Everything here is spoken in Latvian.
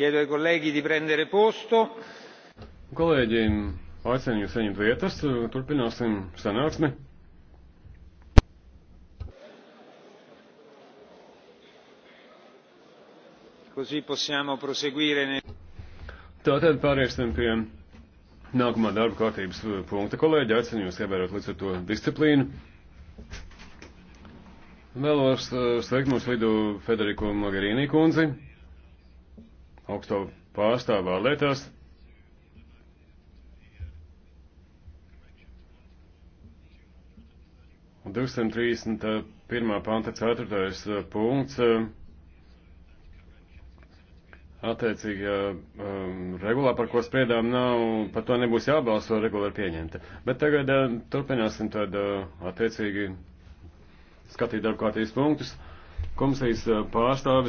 Chiedo ai colleghi di prendere posto. Kolēģi, aicinu jūs saņemt vietas, turpināsim sanāksmi. Così possiamo proseguire nel... Tātad pāriesim pie nākamā darba kārtības uh, punkta. Kolēģi, aicinu jūs ievērot līdz ar to disciplīnu. Vēlos uh, sveikt mūsu vidū Federiku Mogherini kundzi augsto pārstāvā lietās. Un 231. panta 4. Eh, punkts eh, attiecīgi um, regulā, par ko spriedām, nav, par to nebūs jābalso, regula ir pieņemta. Bet tagad uh, turpināsim tad uh, attiecīgi skatīt darbkārtības punktus. Komisijas pārstāvis